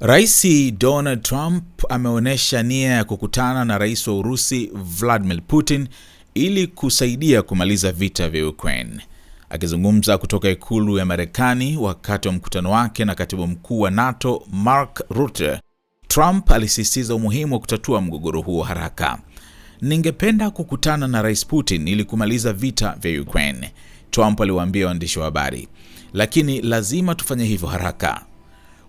Rais Donald Trump ameonyesha nia ya kukutana na Rais wa Urusi Vladimir Putin ili kusaidia kumaliza vita vya Ukraine. Akizungumza kutoka ikulu ya Marekani wakati wa mkutano wake na Katibu Mkuu wa NATO Mark Rutte, Trump alisisitiza umuhimu wa kutatua mgogoro huo haraka. Ningependa kukutana na Rais Putin ili kumaliza vita vya Ukraine, Trump aliwaambia waandishi wa habari. Lakini lazima tufanye hivyo haraka.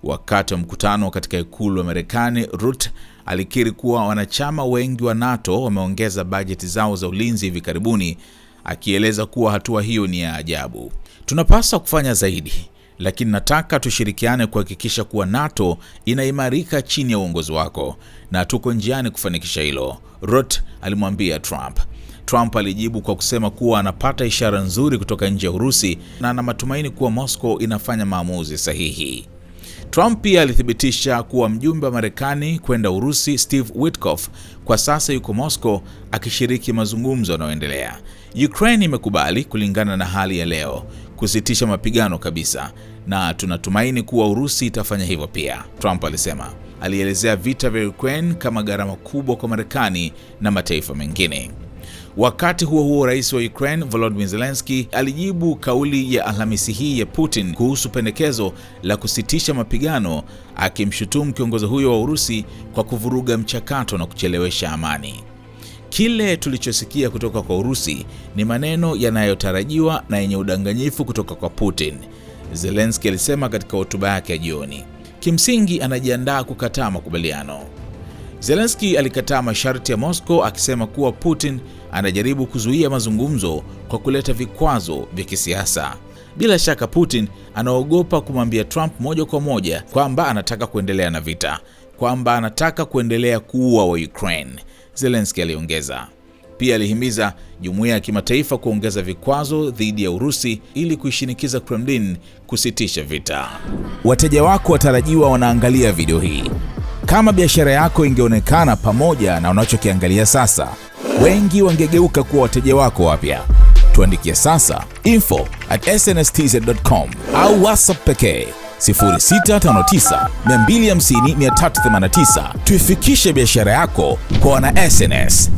Wakati wa mkutano katika ikulu ya Marekani, Rutte alikiri kuwa wanachama wengi wa NATO wameongeza bajeti zao za ulinzi hivi karibuni, akieleza kuwa hatua hiyo ni ya ajabu. Tunapaswa kufanya zaidi, lakini nataka tushirikiane kuhakikisha kuwa NATO inaimarika chini ya uongozi wako, na tuko njiani kufanikisha hilo, Rutte alimwambia Trump. Trump alijibu kwa kusema kuwa anapata ishara nzuri kutoka nje ya Urusi na ana matumaini kuwa Moscow inafanya maamuzi sahihi. Trump pia alithibitisha kuwa mjumbe wa Marekani kwenda Urusi Steve Witkoff kwa sasa yuko Moscow akishiriki mazungumzo yanayoendelea. Ukraine imekubali kulingana na hali ya leo kusitisha mapigano kabisa na tunatumaini kuwa Urusi itafanya hivyo pia, Trump alisema. Alielezea vita vya Ukraine kama gharama kubwa kwa Marekani na mataifa mengine. Wakati huo huo, rais wa Ukraine Volodymyr Zelensky alijibu kauli ya Alhamisi hii ya Putin kuhusu pendekezo la kusitisha mapigano, akimshutumu kiongozi huyo wa Urusi kwa kuvuruga mchakato na kuchelewesha amani. Kile tulichosikia kutoka kwa Urusi ni maneno yanayotarajiwa na yenye udanganyifu kutoka kwa Putin, Zelensky alisema katika hotuba yake ya jioni. Kimsingi anajiandaa kukataa makubaliano. Zelensky alikataa masharti ya Moscow akisema kuwa Putin anajaribu kuzuia mazungumzo kwa kuleta vikwazo vya kisiasa. Bila shaka Putin anaogopa kumwambia Trump moja kwa moja kwamba anataka kuendelea na vita, kwamba anataka kuendelea kuua wa Ukraine, Zelensky aliongeza. Pia alihimiza jumuiya ya kimataifa kuongeza vikwazo dhidi ya Urusi ili kuishinikiza Kremlin kusitisha vita. Wateja wako watarajiwa wanaangalia video hii. Kama biashara yako ingeonekana pamoja na unachokiangalia sasa, wengi wangegeuka kuwa wateja wako wapya. Tuandikie sasa info at snstz.com au whatsapp pekee 0659 250 389. Tuifikishe biashara yako kwa wana SNS.